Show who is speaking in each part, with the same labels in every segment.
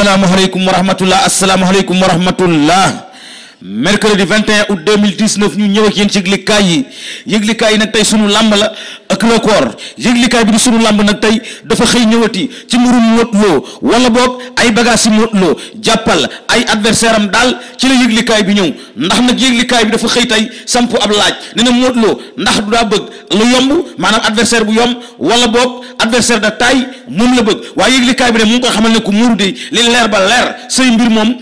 Speaker 1: asalaamaaleykum wa rahmatullah asalaamaaleykum wa rahmatullah mercredi 21 août 2019 ñu ñëw ak yéen ci yëglikaay yi yëglikaay yi nag tey sunu làmb la ak record yëglikaay bi di sunu làmb nag tey dafa xëy ñëwati ci mbirum Modou Lo wala boog ay bagage si Modou Lo jàppal ay adversaire am daal ci la yëglikaay bi ñëw ndax nag yëglikaay bi dafa xëy tey samp ab laaj ne na Modou Lo ndax du daa bëgg lu yomb maanaam adversaire bu yomb wala boog adversaire da taille moom la bëgg waaye yëglikaay bi de mu ngi koy xamal ne ko muuru de li leer ba leer say mbir moom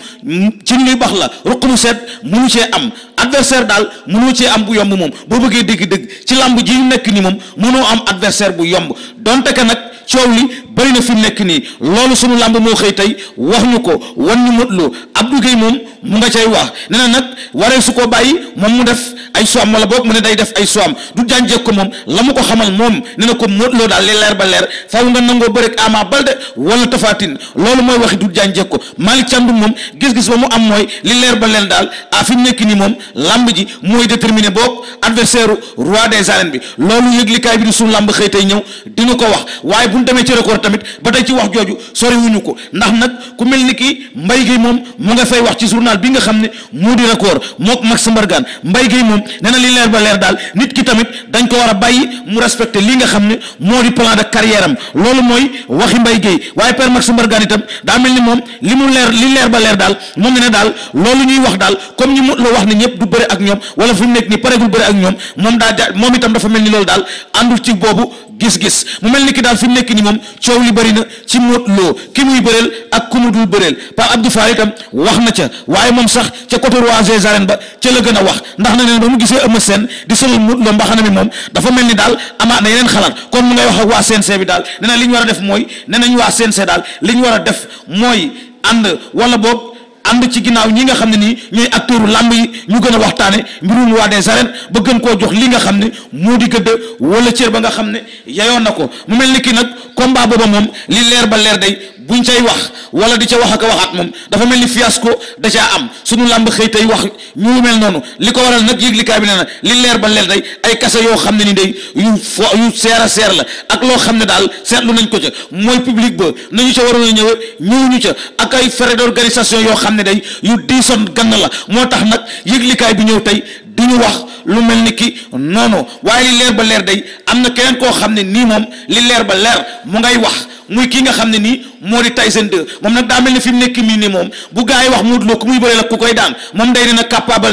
Speaker 1: ci ñuy bax la ruq mu seet mënu cee am adversaire daal mënoo cee am bu yomb moom boo bëggee dégg dëgg ci làmb ji nekk ni moom mënoo am adversaire bu yomb donte que nag coow li bëri na fi mu nekk nii loolu sunu làmb moo xëy tey wax ñu ko wan ñu Modou Lo Abdou Gueye moom mu nga cay wax nee nag waree su ko bàyyi moom mu def ay soam wala boog mu ne day def ay soam du jànjeeg ko moom la mu ko xamal moom nee na ko Modou Lo daal li leer ba leer faaw nga nangoo bëre ak Ama Baldé wala Tapha Tine loolu mooy waxi du jànjeeg ko Malick Thiandoum moom gis-gis ba mu am mooy li leer ba leer daal a fi mu nekk nii moom làmb ji mooy déterminé boog adversaire roi des arènes bi loolu bi di sunu làmb xëy tey ñëw dina ko wax waaye bu ñu demee ci record tamit ba tey ci wax jooju sori wuñu ko ndax nag ku mel ni kii Mbaye Guèye moom mu nga fay wax ci journal bi nga xam ne moo di record mook Max Mbargane Mbaye Guèye moom nee na li leer ba leer daal nit ki tamit dañ ko war a bàyyi mu respecté li nga xam ne moo di plan de carrière am loolu mooy waxi Mbaye Guèye waaye père Max Mbargane itam daa mel ni moom li mu leer li leer ba leer daal moom ne ne daal loolu ñuy wax daal comme ñi mu la wax ne ñëpp du bëre ak ñoom wala mu nekk ni paregul bëre ak ñoom moom daa moom dafa mel ni loolu daal àndul ci boobu gis-gis mu mel ni ki daal fi mu ni moom coow coow li na ci Modou Lo ki muy bëreel ak ku mu bëreel Pape Abdou Fall itam wax na ca waaye moom sax ca côté roi ba ca la gën a wax ndax na neen ba mu gisee Eumeu Sène di solul Modou Lo mbaxana mi moom dafa mel ni daal amaat na yeneen xalaat kon mu ngay wax ak waa CNG bi daal nee na li ñu war a def mooy nee nañ waa CNG daal li war a def mooy ànd wala boobu ànd ci ginnaaw ñi nga xam ne nii ñooy acteuru làmb yi ñu gën a waxtaane mbirum roi des arènes ba gën koo jox li nga xam ne moo di gëdd wala cër ba nga xam ne yayoon na ko mu mel ni ki nag combat booba moom li leer ba leer day buñ cay wax wala di ca wax ak a waxaat moom dafa mel ni fiasco da caa am suñu làmb xëy tey wax ñu mel noonu li ko waral nag yëglikaay bi nee na li leer ba leer dey ay kase yoo xam ne ni day yu fo yu seer la ak loo xam ne daal seetlu nañ ko ca mooy public ba nañu ca waroon a ñëwee ñëwuñu ca ak ay frais d'organisation yoo xam ne day yu diisoon gann la moo tax nag yëglikaay bi ñëw tey du ñu wax lu mel ni ki noonu waaye li leer ba leer day am na keneen koo xam ne nii moom li leer ba leer mu ngay wax muy kii nga xam ne nii moo di Tyson 2 moom nag daa mel ne fi mu nekk mii ni moom bu gars yi wax Modou Lo ku muy bëree la ku koy daan moom day ne na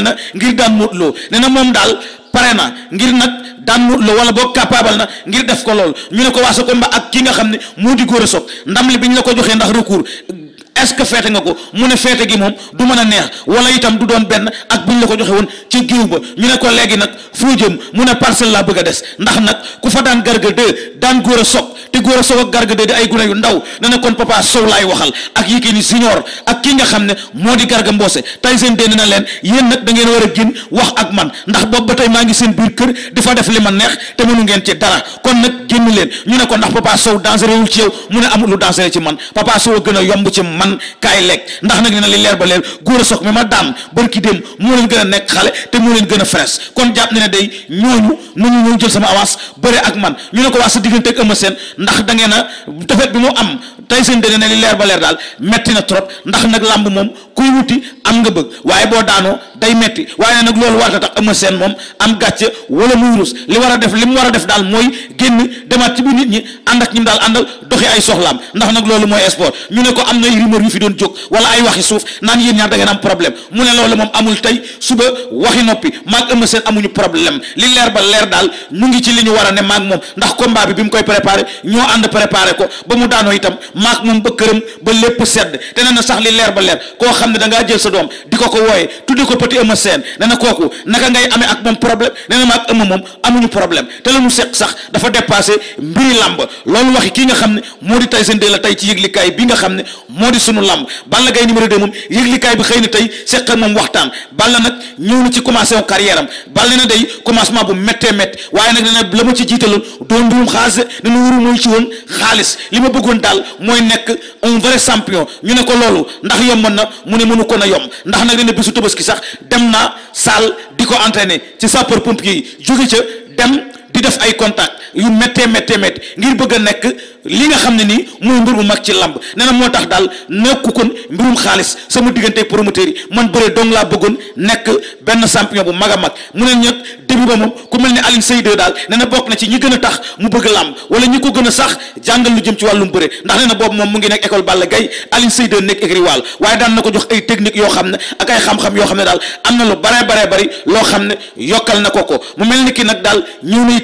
Speaker 1: na ngir daan Modou Lo ne na moom daal pare na ngir nag daan Modou Lo wala boo capable na ngir def ko lool ñu ne ko waa sa combat ak ki nga xam ne moo di góor a soog ndam li bi ñu la ko joxee ndax recours est-ce que feete nga ko mu ne feete gi moom du mën a neex wala itam du doon benn ak bu ñu la ko joxe woon ca giw ba ñu ne ko léegi nag foo jëm mu ne parcelle laa bëgg a des ndax nag ku fa daan garga deux daan góor a soog te góor a soog ak garga de di ay gune yu ndaw na kon papa sow laay waxal ak Yékini Junior ak kii nga xam ne moo di garga mboose tay seen dee na leen yéen nag da ngeen war a génn wax ak man ndax boobu ba tey maa ngi seen biir kër di fa def li ma neex te mënu ngeen ci dara kon nag génn leen ñu ne ko ndax papa sow dangereux wul ci yow mu ne amul lu dangereux ci man papa sow a gën a yomb ci man kaay lekk ndax nag nee li leer ba leer góor a soog mi ma daan bërki dem moo leen gën a nekk xale te moo leen gën kon jàpp ne ne day ñooñu nañu ñëw jël man ñu ko waa sa diggante ak ndax da ngeen a defet bi mu am tey seen dëgg ne li leer ba leer daal metti na trop ndax nag làmb moom kuy wuti am nga bëgg waaye boo daanoo day metti waaye nag loolu warta tax Eumeu Sène moom am gàcce wala muy rus li war a def li mu war a def daal mooy génn demaat ci biir nit ñi ànd ak ñi mu daal àndal doxi ay soxlaam ndax nag loolu mooy sport ñu ne ko am na ay rumeur yu fi doon jóg wala ay waxi suuf naan yéen ñaar da ngeen am problème mu ne loolu moom amul tey suba waxi noppi maag Eumeu Sène amuñu problème li leer ba leer daal mu ngi ci li ñu war a ne maag moom ndax combat bi bi mu koy préparé ñoo ànd préparé ko ba mu daanoo itam maag moom ba këram ba lépp sedd te nee na sax li leer ba leer koo xam doom di ko ko wooyee tudde ko petit Eumeu Sène nee na kooku naka ngay amee ak moom problème nee na ma ak Eumeu moom amuñu problème te la ñu seq sax dafa dépassé mbiri làmb loolu waxi kii nga xam ne moo di Tyson 2 la tey ci yëglikaay bi nga xam ne moo di sunu làmb Balla Gaye numéro 2 moom yëglikaay bi xëy na tey seq moom waxtaan Balla nag ñëw na ci commencé wu carrière am Balla day commencement bu méttee métti waaye nag nee na la ma ci jiitaloon doon mbirum xaalis ne na wuru mooy ci woon xaalis li ma bëggoon daal mooy nekk un vrai champion ñu ne ko doom ndax nag ren bisu tabaski sax dem na salle di ko entraîner ci sapeur pompier yi jóge ca dem di def ay contact yu méttee méttee méttee ngir bëgg a nekk li nga xam ne nii mooy mbir mu mag ci lamb nee na moo tax daal nekku kon mbirum xaalis sama diggante promoteur yi man bëre dong laa bëggoon nekk benn champion bu mag a mag mu ne nag début ba moom ku mel ne Alioune Seye 2 daal nee bokk na ci ñi gën a tax mu bëgg lamb wala ñi ko gën a sax lu jëm ci wàllum bëre ndax nee na boobu moom mu ngi nekk école Balla gay Alioune Seye 2 nekk écrit waal waaye daan na ko jox ay technique yoo xam ne ak ay xam-xam yoo xam ne daal am na lu bare baree bari loo xam ne yokkal na ko ko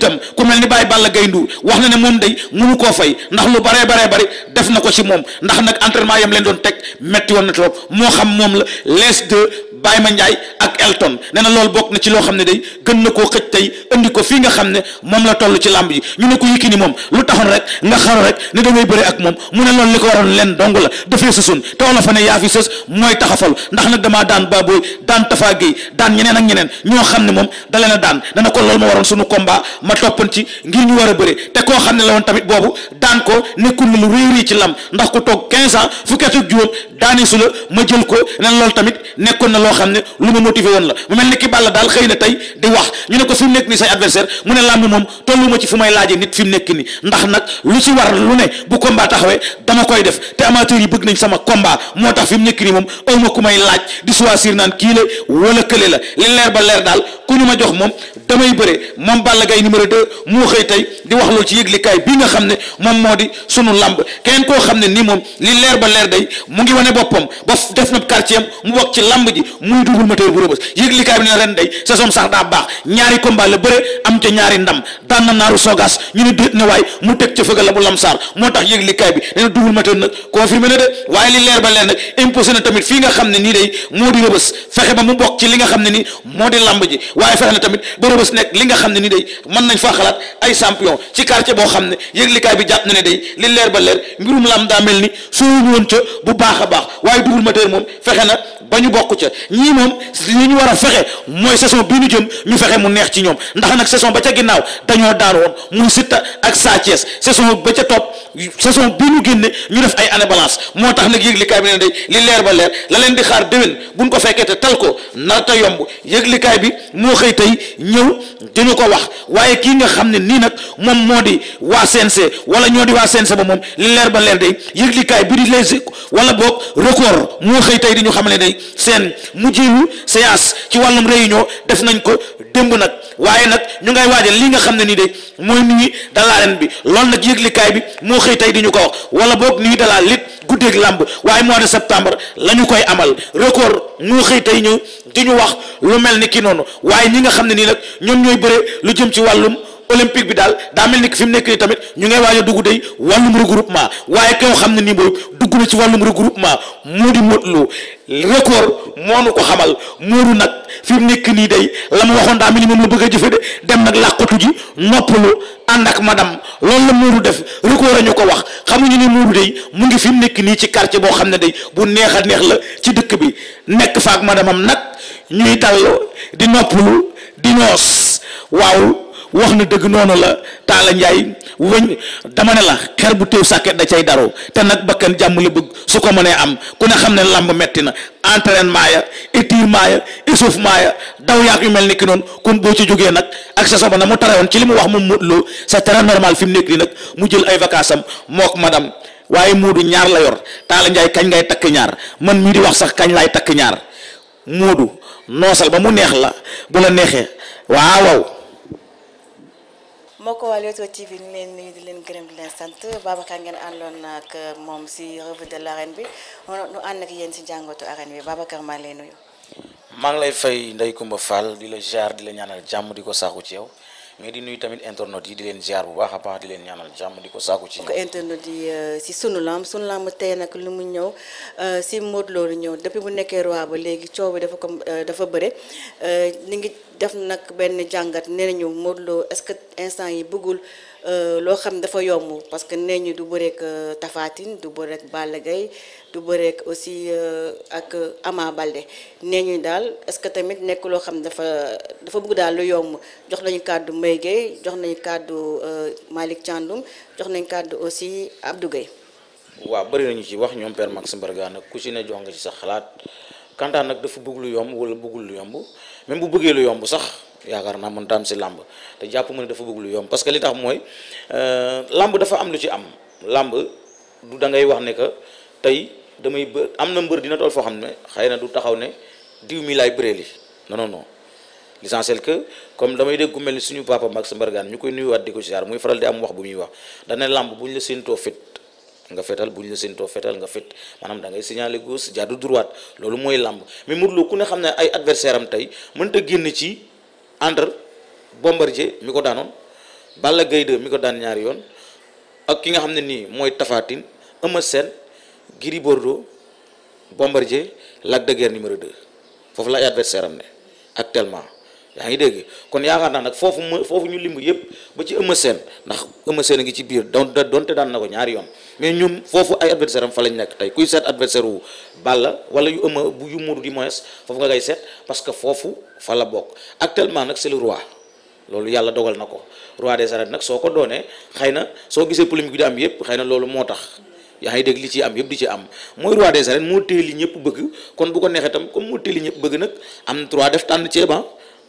Speaker 1: itam ku mel ni Baye Balla Gaye Ndour wax na ne moom day munu koo fay ndax lu baree baree bari def na ko ci moom ndax nag entraînement yam leen doon teg metti woon na trop moo xam moom la les deux Baye Mandiaye ak Elton nee na bokk na ci loo xam ne day gën na koo xëj tey indi ko fii nga xam ne moom la toll ci làmb ji ñu ne ko Yékini moom lu taxoon rek nga xaru rek ne da ngay bëri ak moom mu ne loolu li ko waroon leen dong la dafee sësoon te fa ne yaa fi sës mooy taxafal ndax nag damaa daan Baboy daan Tafa Gueye daan ñeneen ak ñeneen ñoo xam ne moom da leen a daan dana ko loolu ma waroon sunu combat ma toppan ngir ñu war a bëri te koo xam la woon tamit boobu daan ko nekkul lu réerii ci lam ndax ku toog quinze ans loo xam ne lu ma motivé woon la mu mel ni ki daal xëy na tey di wax ñu ne ko fi mu nekk nii say adversaire mu ne làmb moom tollu ma ci fu may laaje nit fi nekk nii ndax nag lu ci war lu ne bu combat taxawee dama koy def te amateur yi bëgg nañ sama combat moo tax fi mu nekk nii moom aw ma ku may laaj di choisir naan kii la wala kële la li leer ba leer daal ku ñu ma jox moom damay bëre moom Balla Gaye numéro 2 moo xëy tey di wax loolu ci yëglikaay bi nga xam ne moom moo di sunu lamb keneen koo xam ne ba leer day mu ba def na quartier am mu bokk ci lamb ji la bëre am ca ñaari ndam daan na naaru sogas ñu ne déet ne waay mu nii moo di rëbës fexe ba mu bokk ci li nga xam ne ni moo di lamb ji waaye fexe na tamit Rebeuss nekk li nga xam ne ni day ne bi jàpp na ne day ba leer mbirum lam daa mel ni sooñu woon ca bu baax a ba ñu bokk ca ñii moom li ñu war a fexe mooy mu neex ci ñoom ndax nag saison ba ca ginnaaw dañoo daan woon muy Siteu ak Sa Thiès ba ca topp saison bi ñu génne ñu def ay année balance moo tax nag yëglikaay bi ne day li leer ba leer la leen di xaar déwén buñ ko fekkee te tal ko nar ta yomb yëglikaay bi moo xëy tey ñëw ñëw dinu ko wax waaye kii nga xam ne nii nag moom moo di waa CNC wala ñoo di waa seen ba moom li leer ba leer day yëglikaay bi di les wala boog record moo xëy tey di ñu xam ne day seen mujjeewu séance ci wàllum réunion def nañ ko démb nag waaye nag ñu ngay waajal li nga xam ne nii de mooy nuit de l'arène bi loolu nag yëglikaay bi moo xëy tey di ñu ko wax wala boog nuit de la lutte guddeeg làmb waaye mois de septembre la koy amal record ñu xëy tey ñëw di ñu wax lu mel ni kii noonu waaye ñi nga xam ne nii nag ñoom ñooy bëre lu jëm ci wàllum olympique bi daal daa mel ni ki fi mu nekk nii tamit ñu ngay waaj dugg dey wàllum regroupement waaye koo xam ne nii boobu dugg na ci wàllum regroupement moo di Modou Lo record moo nu ko xamal Modou nag fi mu nekk nii day la mu waxoon daa mel ni moom la bëgg a jëfe de dem nag làqatu ji noppalu ànd ak madam loolu la Modou def record a ñu ko wax xamuñu ni Modou day mu ngi fi mu nekk nii ci quartier boo xam ne day bu neex a neex la ci dëkk bi nekk faak madamam nag ñuy dal di noppalu di noos waaw wax na dëgg noonu la Talla Ndiaye weñ dama ne la xer bu teew sàkket da cay daroo te nag bakkan jàmm la bëgg su ko mënee am ku ne xam ne làmb metti na entraînement ya étirement ya échauffement ya daw yaak yu mel ni ki noonu kon boo ci jógee nag ak sa soba na mu tare woon ci li mu wax moom Modou Lo c'est très normal fi mu nekk nii nag mu jël ay vacances am mook madam waaye Modou ñaar la yor Talla Ndiaye kañ ngay takk ñaar man mii di wax sax kañ laay takk ñaar Modou noosal ba mu neex la bu la neexee
Speaker 2: moo ko waa Leewtoo TV ñu leen nuyu di leen gërëm di leen sant Babacar ngeen àndoon ak moom si revue de l'arène bi nu ànd ak yéen si jàngatu arène bi Babacar maa ngi lay nuyu.
Speaker 1: maa ngi lay fay Ndeye Coumba Fall di la jaar di la ñaanal jàmm di ko saaku ci yow mais di nuyu tamit internautes yi di leen jaar bu baax a baax di leen ñaanal jàmm di ko saaku ci. ko
Speaker 2: internautes yi si euh, sunu lamb sunu lamb tey nag lu mu ñëw si euh, Modou loolu ñëw depuis bu nekkee roi ba léegi coow bi dafa ko euh, dafa bëre ni ngi. def nag benn jàngat nee ñu Modou Lo est-ce que instant yi bëggul euh, loo xam dafa yomb parce que nee ñu du bëreek euh, tafaatin du bëreek Balla Gaye du bëreek aussi euh, ak Ama balde nee ñu daal est-ce que tamit nekk loo xam dafa dafa bugg daal lu yomb jox nañu kàddu Mbaye Guèye jox nañu kàddu Malick Thiandoum jox nañu kàddu aussi Abdou Guèye
Speaker 1: waaw bëri nañu ci wax ñoom Père Max Mbargane nag ku si ne jox nga ci sa xalaat kantaan nag dafa bëgg lu yomb wala bëggul lu yomb même bu bëggee lu yomb sax yaakaar naa mën taam si làmb te jàpp ma ne dafa bëgg lu yomb parce que li tax mooy euh, làmb dafa am lu ci am làmb du da ngay wax ne que tey damay bë am na mbër dina toll foo xam ne xay na du taxaw ne diw mi laay bëree li non non non l'essentiel que comme damay dégg ku mel ni suñu papa Max Mbargane ñu koy nuyuwaat di ko siyaar muy faral di am wax bu muy wax dana làmb bu ñu la séentoo nga fetal bu ñu la séentoo fetal nga fet maanaam da ngay signaler gauche jaadu droite loolu mooy làmb mais Modou Lo ku ne xam ne ay adversaire am tey mënta génn ci entre Bombardier mi ko daanoon Balla Gaye 2 mi ko daan ñaari yoon ak ki nga xam ne nii mooy tafaatin Tine Eumeu Sène Gris Bordeaux Bombardier de numéro 2 foofu la ay adversaire am ne actuellement yaa ngi dégg kon yaakaar naa nag foofu ma foofu ñu limb yëpp ba ci Eumeu Sène ndax Eumeu seen a ngi ci biir don donte daan na ko ñaari yoon mais ñun foofu ay adversaire am fa lañ nekk tey kuy seet adversaire wu Balla wala yu ëmma bu yu Modou di moins foofu nga koy seet parce que foofu fa la bokk actuellement nag c'est le roi loolu yàlla dogal na ko roi des arènes nag soo ko doonee xëy na soo gisee polémique bi di am yëpp xëy na loolu moo tax yaa ngi dégg li ci am yëpp di ci am mooy roi des arènes moo téye li ñëpp bëgg kon bu ko neexee tam comme moo téye li ñëpp bëgg nag am trois def tànn ceeb ah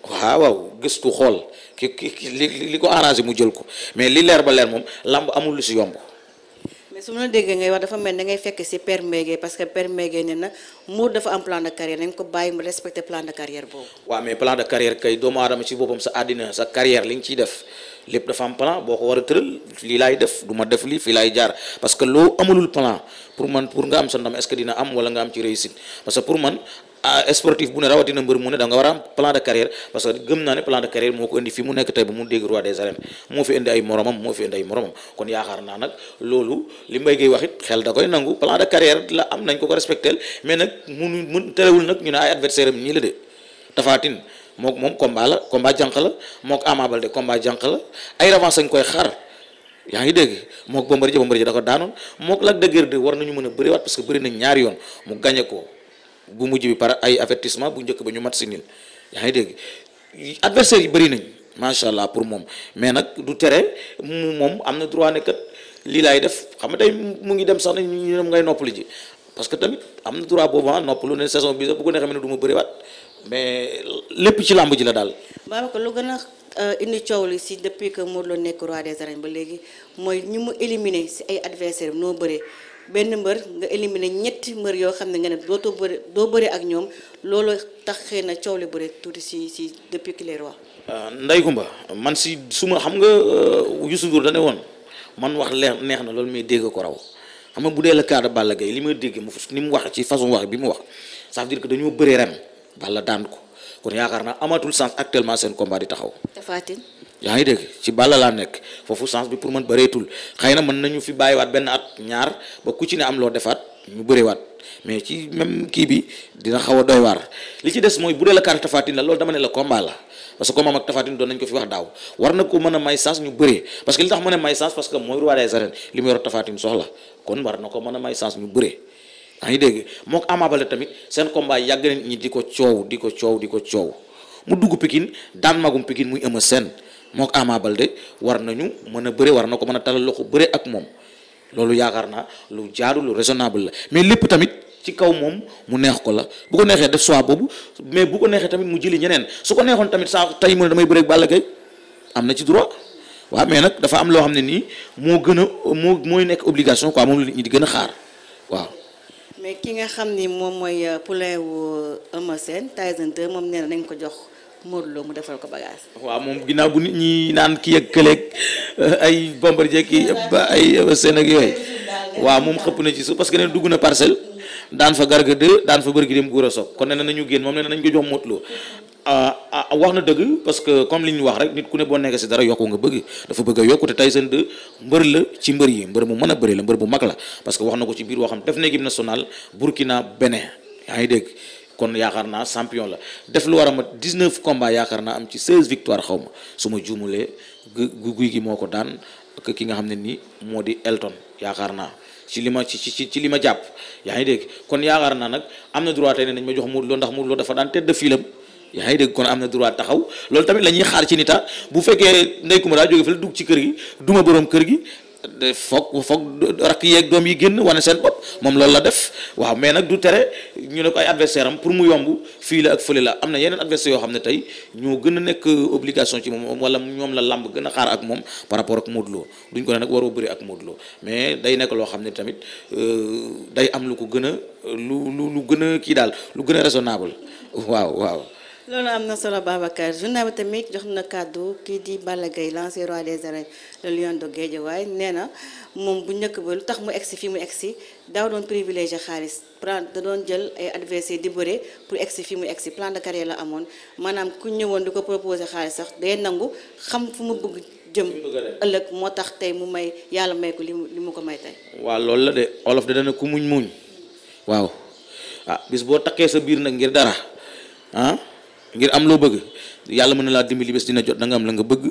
Speaker 1: waaw waaw gëstu xool ki li ko arrangé mu jël ko mais li leer ba leer moom làmb amul lu si yomb.
Speaker 2: su ma déggee ngay wax dafa mel da ngay fekk si Père Mbengue parce que Père Mbengue ne na Mour dafa am plan de carrière nañ ko bàyyi mu respecter plan de carrière boobu.
Speaker 1: waaw mais plan de carrière kay doomu aadama ci boppam sa àddina sa carrière li nga def lépp dafa am plan boo ko war a tëral lii laay def du ma def lii fii laay jaar parce que loo amulul plan pour man pour nga am sa ndam est-ce que dina am wala nga am ci réussite parce que pour man. Euh, sportif bu ne rawatina mbër mu ne da nga war a am plan de carrière parce que gëm naa ne plan de carrière moo ko indi fi mu nekk tey ba mu dégg roi des arènes moo fi indi ay moromam moo fi indi ay moromam kon yaakaar naa nag loolu li mbay gay wax it xel da koy nangu plan de carrière la am nañ ko ko respectel mais nag munu mun terewul nag ñu ne ay adversaire am ñii la de tafaatin mook moom combat la combat jànq la mook Ama Baldé combat jànq la ay revanche lañ koy xaar yaa ngi dégg mook Bombardier Bombardier da ko daanoon mook Lac de Guiers de war nañu mën a bëriwaat parce bëri nañ ñaari yoon mu gañe ko bu mujj bi par ay avertissement bu njëkk ba ñu mat si niil yaa ngi dégg adversaire yi bëri nañ macha allah pour moom mais nag du tere mu moom am na droit ne lii laay def xam nga tey mu ngi dem sax nañ ñu dem ngay noppalu ji parce que tamit am na droit boobu ah noppalu ne saison bi sax bu ko neexee ne du ma bëriwaat mais lépp ci làmb ji la daal.
Speaker 2: Babacar lu gën a euh, indi coow li si depuis que Modou Lo nekk roi des arènes ba léegi mooy ñu mu élimine si ay adversaire noo bëree benn mbër nga éliminé ñetti mbër yoo xam ne nga ne dootoo bëri doo bëri ak ñoom loolu tax xëy na coow li bëri tuuti si si depuis que les ndey
Speaker 1: Ndeye Kumba man si suma xam nga euh, Youssou Ndour da ne woon man wax leer neex na loolu may dégg ko raw xam nga bu dee la cadre Balla Gaye li ma dégg mu ni mu wax ci façon wax bi mu wax ça veut dire dañoo bëree ren. Balla daan ko kon yaakaar naa amatul sens actuellement seen combat di taxaw. Tapha yaa ngi dégg ci Balla laa nekk foofu sens bi pour man bareetul xëy na mën nañu fi bàyyiwaat benn at ñaar ba ku ci ne am loo defaat ñu bëreewaat mais ci même kii bi dina xaw a doy waar li ci des mooy bu dee la carte Tapha la loolu dama ne la combat la. parce que combat ak Tapha doon nañ ko fi wax daaw war na ko mën a may chance ñu bëree parce que li tax mën a may chance na ko may chance ñu bëree. yaa ngi dégg mook Ama Baldé tamit seen combat yàgg nañ ñi di ko coow di ko coow di ko coow mu dugg Pikine daan magum Pikine muy Eumeu seen mook Ama Baldé war nañu mën a bëre war na ko mën a talal loxo bëre ak moom loolu yaakaar naa lu jaadu lu raisonnable la mais lépp tamit ci kaw moom mu neex ko la bu ko neexee def soit boobu mais bu ko neexee tamit mu jëli ñeneen su ko neexoon tamit saa tey mu ne damay bëre ak Balla Gaye am na ci droit waa mais nag dafa am loo xam ne nii moo gën a moo nekk obligation quoi moom ñi di gën a xaar waaw
Speaker 2: mais ki nga xam ni moom mooy euh, poulain wu euh, Eumeu Sène Tyson 2 moom nee na nañ ko jox Modou mu defar ko bagage.
Speaker 1: waaw moom ginnaaw bu nit ñi naan ki ak këleeg euh, ay Bombardier ki ba ay Eumeu Sène ak yooyu waaw moom xëpp na ci suuf parce que nee dugg na parcelle daan fa garga 2 daan fa bërgi dem guur a soog kon nee nañu génn moom nee nañ ko jox Modou Euh, euh, wax na dëgg parce que comme li ñu wax rek nit ku ne boo nekkee si dara yokku nga bëgg dafa bëgg a yokku te Tyson 2 mbër la ci mbër yi mbër mu mën a bëri la mbër bu mag la parce que wax na ko ci biir waxam def na équipe nationale Burkina Benin yaa ngi dégg kon yaakaar naa champion la def lu war a ma 19 combats yaakaar naa am ci 16 victoire xaw ma gi moo ko daan ki nga xam ne nii moo di Elton yaakaar naa ci li ma ci ci li ma jàpp yaa ngi dégg kon yaakaar naa nag am na droit tey ne nañ ma jox Modou Lo ndax Modou Lo dafa daan tête de yaa ngi dégg kon am na droit taxaw loolu tamit la xaar ci nita bu fekkee ndey ku ma daa jóge fa la dugg ci kër gi duma boroom kër gi foog foog rakk yeeg doom yi génn wane seen bopp moom loolu la def waaw mais nag du tere ñu ne ko ay adversaire am pour mu yomb fii la ak fële la am na yeneen adversaire yoo xam ne tey ñoo gën a nekk obligation ci moom wala ñoom la làmb gën a xaar ak moom par rapport ak Modou Lo duñ ko ne nag waroo bëri ak Modou Lo mais day nekk loo xam ne tamit euh, day am lu ko gën a lu lu gën a kii daal lu gën a raisonnable waaw
Speaker 2: loolu am na solo Babacar journal bi tamit jox na kàddu kii di Balla Gaye l'ancien roi des arènes le lion de Guédiawaye nee na moom bu njëkk ba lu tax mu egsi fi mu si daaw doon privilégié xaalis plan da doon jël ay adversaires di bëre pour egsi fi mu egsi plan de carrière la amoon maanaam ku ñëwoon di ko proposé xaalis sax day nangu xam fu mu bëgg jëm ëllëg moo tax tey mu may yàlla may ko li mu ko may tey
Speaker 1: waaw loolu la de olof da dana ku muñ muñ waaw ah bis boo takkee sa biir nag ngir dara ah, ngir am loo bëgg yàlla mën na laa dimbali bés dina jot danga am la nga bëgg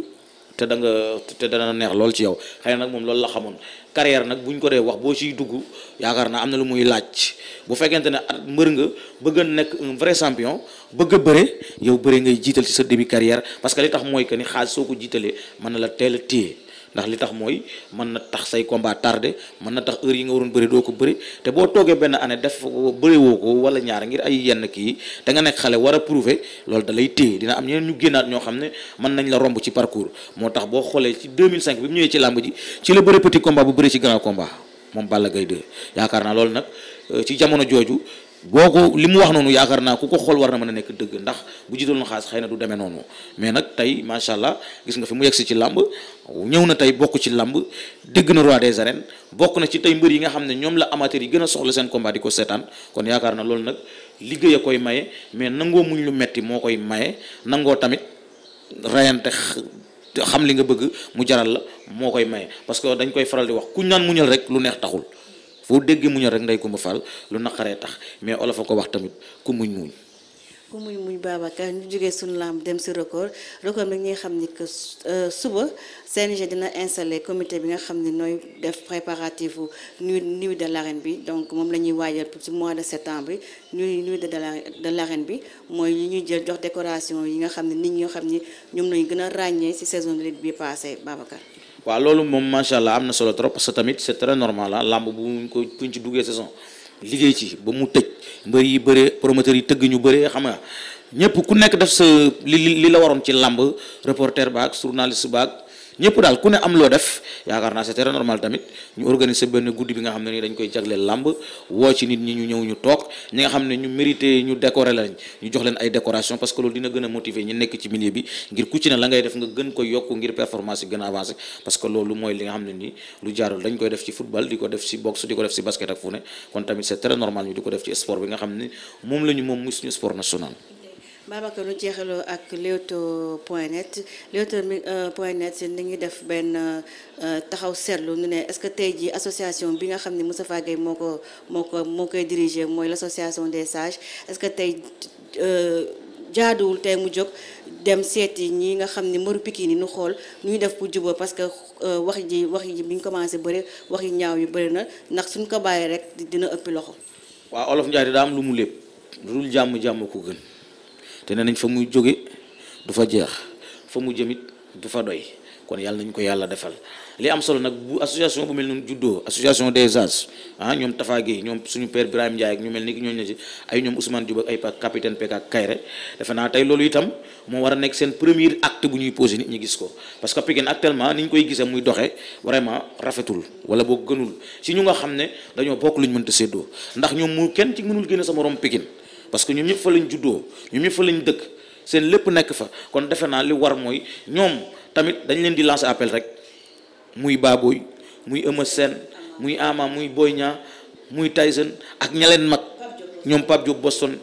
Speaker 1: te da nga te dana neex lool ci yow xëy nag moom loolu la xamoon carrière nag bu ñu ko dee wax boo ciy dugg yaakaar naa am na lu muy laaj bu fekkente ne at mbër nga bëgg a nekk un vrai champion bëgg a bëre yow bëre ngay jiital ci sa début carrière parce que li tax mooy que ni xaalis soo ko jiitalee mën na la teel a téye ndax li tax mooy mën na tax say combat tardé mën na tax heure yi nga waroon bëri doo ko bëri te boo toogee benn année def bëri woo ko wala ñaar ngir ay yenn kii te nga nekk xale war a prouver loolu dalay lay dina am ñeen ñu génnaat ñoo xam ne mën nañ la romb ci parcours moo tax boo xoolee ci 2005 bi mu ñëwee ci làmb ji ci la bëri petit combat bu bëri ci grand combat moom Balla Gaye 2 yaakaar naa loolu nag euh, ci jamono jooju googu li mu wax noonu yaakaar naa ku ko xool war na mën a nekk dëgg ndax bu jiitaloon xaas xëy na du demee noonu mais nag tey macha allah gis nga fi mu yegsi ci làmb ñëw na tey bokk ci làmb dëgg na roi des arènes bokk na ci tey mbër yi nga xam ne ñoom la amateur yi gën a soxla seen combat di ko seetaan kon yaakaar na loolu nag liggéey a koy maye mais nangoo muñ lu metti moo koy maye nangoo tamit rayante xam li nga bëgg mu jaral la moo koy maye parce que dañ koy faral di wax ku ñaan muñal rek lu neex taxul foo dégg muñal rek ndey Kumba Fall lu naqaree tax mais olof a ko wax tamit ku muñ muñ
Speaker 2: ku muy muy Babacar ñu jógee suñu lamb dem si record record bi nga xam ni que euh, suba CNG dina installé comité bi nga xam ne nooy def préparatif nuit nii de l'arène bi donc moom la ñuy waajal ci mois de septembre nuit nuit de de l'arène bi mooy li ñuy jël jox décoration yi nga xam ne nit ñoo xam ni ñoom lañu gën a ràññee si saison de lutte bi passé Babacar.
Speaker 1: waaw loolu moom macha allah am na solo trop parce que tamit c'est très normal ah làmb bu ko buñ ci duggee saison liggéey ci ba mu tëj mbër yi bëree promoteurs yi tëgg ñu bëree xam nga ñëpp ku nekk def sa li li la waroon ci làmb reporter baak journaliste baak ñëpp daal ku ne am loo def yaakaar naa c'est très normal tamit ñu organiser benn guddi bi nga xam ne nii dañ koy jagleel làmb woo ci nit ñi ñu ñëw ñu toog ñi nga xam ne ñu mérité ñu décorer lañ ñu jox leen ay décoration parce que loolu dina gën a motiver ñu nekk ci milieu bi ngir ku ne la ngay def nga gën ko yokk ngir performance yi gën avancé parce que loolu mooy li nga xam ne nii lu jaarul dañ koy def ci football di ko def ci boxe di ko def ci basket ak fu ne kon
Speaker 2: Babacar ñu jeexaloo ak Leewtoo point net Leewtoo euh, point net ni ngi def benn euh, taxaw seetlu nu ne est-ce que tey jii association bi nga xam ne Moustapha Gueye moo ko moo ko moo koy diriger mooy l'association des sages est-ce que tey euh, jaaduwul tey mu jóg dem seeti ñi nga xam ne maru Pikine ni ñu xool nu ñu def ku jubóo parce que wax ji wax ji bi ñu commencé bëri wax yi ñaaw yu bëri na ndax suñ ko bàyyi rek dina ëppi loxo.
Speaker 1: waaw olof Ndiaye daa am lu mu lépp lu dul jàmm jàmm ko gën. te ne nañ fa muy jóge du fa jeex fa mu jëmit du fa doy kon yàlla nañ ko yàlla defal li am solo nag bu association bu mel noonu juddoo association des âges ah ñoom Tafa Gueye ñoom suñu père Birahim Ndiaye ak ñu mel ni ki ñooñu ay ñoom Ousmane Diop ak ay capitaine Pek defe naa tey loolu itam moo war a nekk seen premier acte bu ñuy posé nit ñi gis ko parce que Pikine actuellement ni ñu koy gisee muy doxee vraiment rafetul wala boo gënul ci ñu nga xam ne dañoo bokk lu ñu mënta séddoo ndax ñoom mu kenn ci mënul génne sa morom Pikine parce que ñoom ñëpp fa lañ juddoo ñoom ñëpp fa lañ dëkk seen lépp nekk fa kon defe naa li war mooy ñoom tamit dañ leen di lancer appel rek muy Baboy muy Eumeu Sène muy Ama muy Boy Niang muy Tyson ak ña leen mag ñoom Pape Diop Boston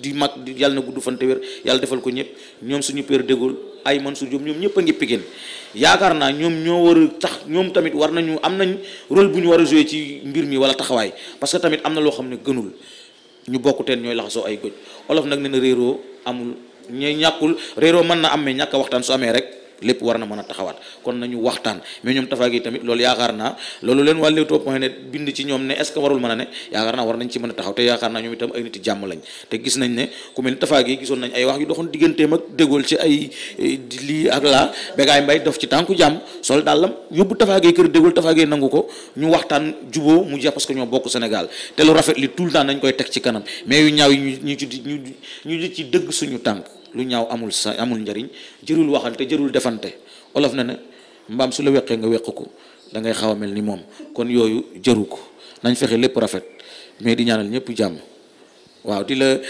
Speaker 1: di mag di yàlla na gudd fan te wér yàlla defal ko ñëpp ñoom suñu père De Gaulle ay Mansour Diop ñoom ñëpp a ngi Pikine yaakaar naa ñoom ñoo war a tax ñoom tamit war nañu am nañ rôle bu ñu war a jouer ci mbir mi wala taxawaay parce que tamit am na loo xam ne gënul ñu bokk teen ñooy laxasoo ay goj olof nag na na réeroo amul ñu ñàkkul réeroo mën na am mais ñàkk waxtaan su amee rek lépp war na mën a taxawaat kon nañu waxtaan mais ñoom Tapha Gueye tamit loolu yaakaar naa loolu leen waa Leewtoo point net bind ci ñoom ne est-ce que warul mën a ne yaakaar naa war nañ ci mën a taxaw te yaakaar naa ñoom itam ay nit jàmm lañ te gis nañ ne ku mel ni Tapha Gueye gisoon nañ ay wax yu doxoon digganteem ak dégool ci ay eh, lii ak laa Bécaye Mbaye dof ci tànku jàmm sol dàllam yóbbu Tapha Gueye kër dégool Tapha nangu ko ñu waxtaan juboo mu jeex parce que ñoo bokk Sénégal te lu rafet li tout le temps nañ koy teg ci kanam mais yu ñaaw yi ñu suñu tànk lu ñaaw amul sa amul njariñ jërul waxante te jërul defante olof na ne mbaam su la weqee nga wekk ko da ngay xaw a mel ni moom kon yooyu jëru ko nañ fexe lépp rafet mais di ñaanal ñëpp jàmm waaw di la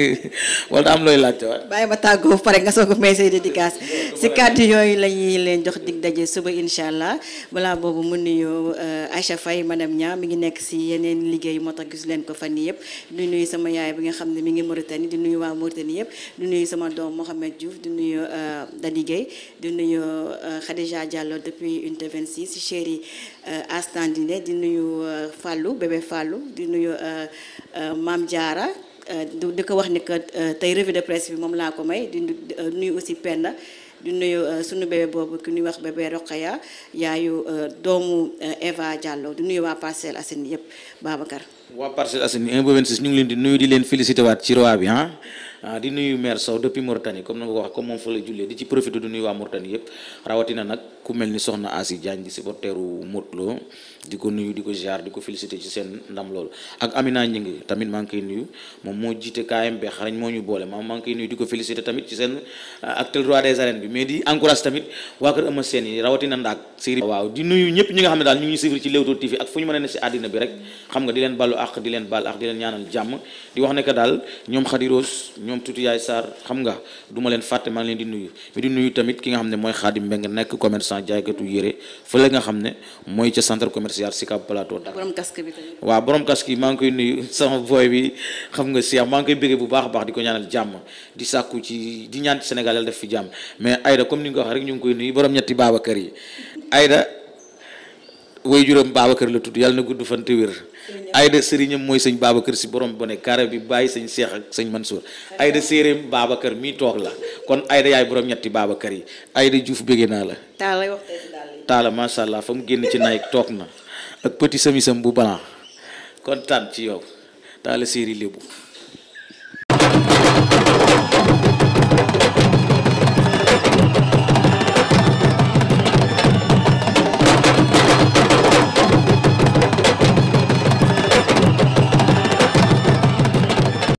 Speaker 1: wala am looy laajte waay.
Speaker 2: bàyyi ma tàggoo pare nga soo a may say dédicace si yooyu la ñuy leen jox dig daje suba incha allah balaa boobu mu nuyoo euh, Aïcha Faye madame Nia mi ngi nekk si yeneen liggéey moo tax gis leen ko fan yii yëpp di nuyu sama yaay bi nga xam ne mi ngi Mauritanie di nuyu waa Mauritanie yëpp di nuyu sama doom Mohamed jouf di nuyu euh, Dadi Gueye di nuyu euh, Khadija Diallo depuis une unité 26 chéri Euh, Astandine di nuyu euh, Fallou bébé Fallou di nuyu euh, Mame Diarra di ko wax ni que tey revue de presse bi moom laa ko may di nuyu aussi Penda di nuyu sunu bébé boobu ki ñuy wax bébé Rokhaya yaayu doomu Eva Diallo di nuyu waa Parcelles Assainies yëpp Babacar. waa
Speaker 1: Parcelles Assainies 1 ba 26 ñu ngi leen di nuyu di leen félicité waat ci roi bi ah. ah di nuyu maire Sow depuis Mauritanie comme na nga ko wax comme moom fa la jullee di ci profité du nuyu waa Mauritanie yëpp rawatina nag ku mel ni soxna Asi Diagne di supporteru di ko nuyu di ko ziar di ko félicité ci seen ndam loolu ak Amina tamit maa ngi koy moom moo jiite KMB xarañ ñu boole maam maa di ko félicité tamit ci seen ah, actuel roi des arènes bi mais di encourage tamit waaw di nuyu ñëpp ñi nga xam ne daal ñu ngi suivre ci a ne àddina bi rek xam nga di leen ballu ak di leen bal ak di leen ñaanal jàmm di wax ne daal ñoom Khady Rose ñoom tuuti yaay Sarr xam nga du ma leen fàtte maa leen di nuyu mais di nuyu tamit ki nga xam ne mooy Xaadim Mbeng nekk commerçant jaaykatu yére fële nga xam ne mooy ca centre commercial Sicap Plateau Dakar
Speaker 2: borom casque bi tamit
Speaker 1: waaw borom casque yi maa ngi koy nuyu sama boy bi xam nga Cheikh maa ngi koy bëggee bu baax a baax di ko ñaanal jàmm di sàkku ci di ñaan ci Sénégal yàlla def fi jàmm mais Aïda comme ni nga ko waxee rek ñu ngi koy nuyu borom ñetti Babacar yi Aïda way juróom Babacar la tudd yàlla na gudd fan te ayda sëriñam mooy sëñ Babacar si borom bone carré bi bàyyi sañ Cheikh ak sëñ Mansour ayda séeréem Babacar mii toog la kon ayda yaay borom ñetti Babacar yi ayda Diouf béggee naa la taala macha allah fa mu génn ci nayik toog na ak petit samisam bu kon kontaan ci yow taala séeri lébu